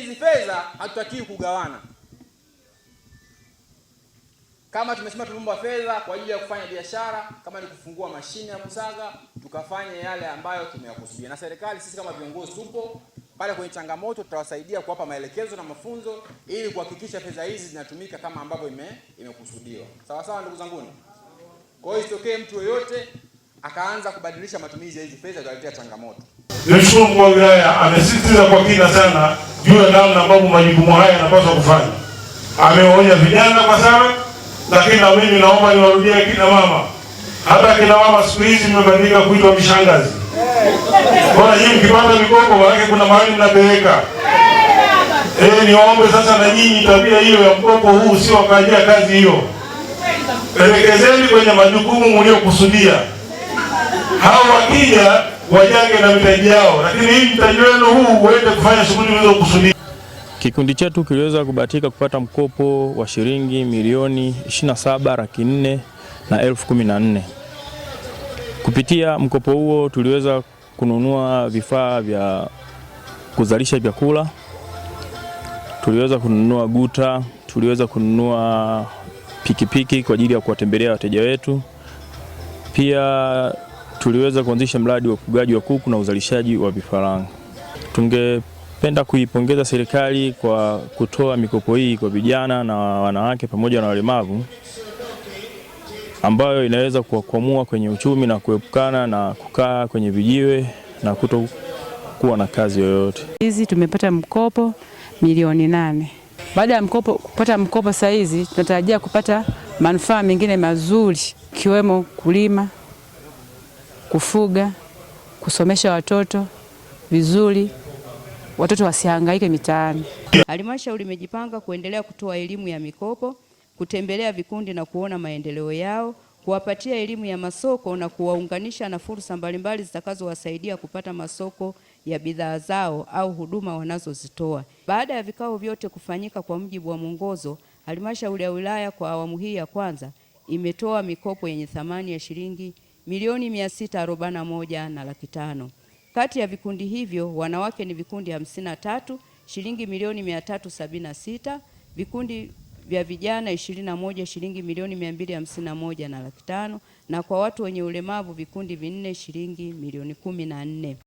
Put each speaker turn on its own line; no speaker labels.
Hizi fedha hatutakiwi kugawana. Kama tumesema tumeomba fedha kwa ajili ya kufanya biashara, kama ni kufungua mashine ya kusaga, tukafanye yale ambayo tumeyakusudia. Na serikali, sisi kama viongozi tupo pale kwenye changamoto, tutawasaidia kuwapa maelekezo na mafunzo ili kuhakikisha fedha hizi zinatumika kama ambavyo ime- imekusudiwa. Sawa sawa, ndugu zanguni. Kwa hiyo isitokee mtu yoyote akaanza kubadilisha matumizi ya hizi fedha ikaletea changamoto.
Mheshimiwa mkuu wa wilaya amesisitiza kwa kina sana juu ya namna ambavyo majukumu haya yanapaswa kufanya. Amewaonya vijana kwa sana, lakini na mimi naomba niwarudie kina mama. Hata kina mama siku hizi mmebadilika kuitwa vishangazi. Bora nyinyi mkipata mikopo, maanake kuna mahali mnapeleka. Eh, ee, niombe sasa na nyinyi tabia hiyo ya mkopo huu sio wakajia kazi hiyo. pelekezeni kwenye majukumu mliokusudia hao wakija wajange na mitaji yao, lakini hii mtaji wenu huu uende kufanya shughuli mlizokusudia.
Kikundi chetu kiliweza kubahatika kupata mkopo wa shilingi milioni 27 laki 4 na elfu 14 Kupitia mkopo huo tuliweza kununua vifaa vya kuzalisha vyakula, tuliweza kununua guta, tuliweza kununua pikipiki kwa ajili ya kuwatembelea wateja wetu pia tuliweza kuanzisha mradi wa ufugaji wa kuku na uzalishaji wa vifaranga. Tungependa kuipongeza serikali kwa kutoa mikopo hii kwa vijana na wanawake pamoja na walemavu ambayo inaweza kuwakwamua kwenye uchumi na kuepukana na kukaa kwenye vijiwe na kuto kuwa na kazi yoyote.
Hizi tumepata mkopo milioni nane. Baada ya mkopo kupata mkopo, saa hizi tunatarajia kupata manufaa mengine mazuri ikiwemo kulima kufuga, kusomesha watoto vizuri, watoto wasihangaike mitaani. Halmashauri imejipanga kuendelea kutoa elimu ya mikopo, kutembelea vikundi na kuona maendeleo yao, kuwapatia elimu ya masoko na kuwaunganisha na fursa mbalimbali zitakazowasaidia kupata masoko ya bidhaa zao au huduma wanazozitoa. Baada ya vikao vyote kufanyika kwa mujibu wa mwongozo, halmashauri ya wilaya kwa awamu hii ya kwanza imetoa mikopo yenye thamani ya shilingi milioni mia na moja na laki tano. Kati ya vikundi hivyo wanawake ni vikundi hamsini tatu shilingi milioni mia tatu sita, vikundi vya vijana 21 shilingi milioni 251 na laki tano, na kwa watu wenye ulemavu vikundi vinne shilingi milioni kumi na nne.